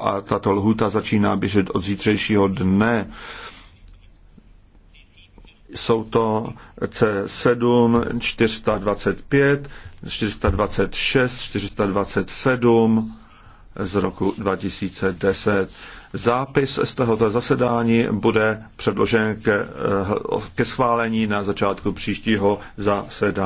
a tato lhuta začíná běžet od zítřejšího dne. Jsou to C7 425, 426, 427 z roku 2010. Zápis z tohoto zasedání bude předložen ke, ke schválení na začátku příštího zasedání.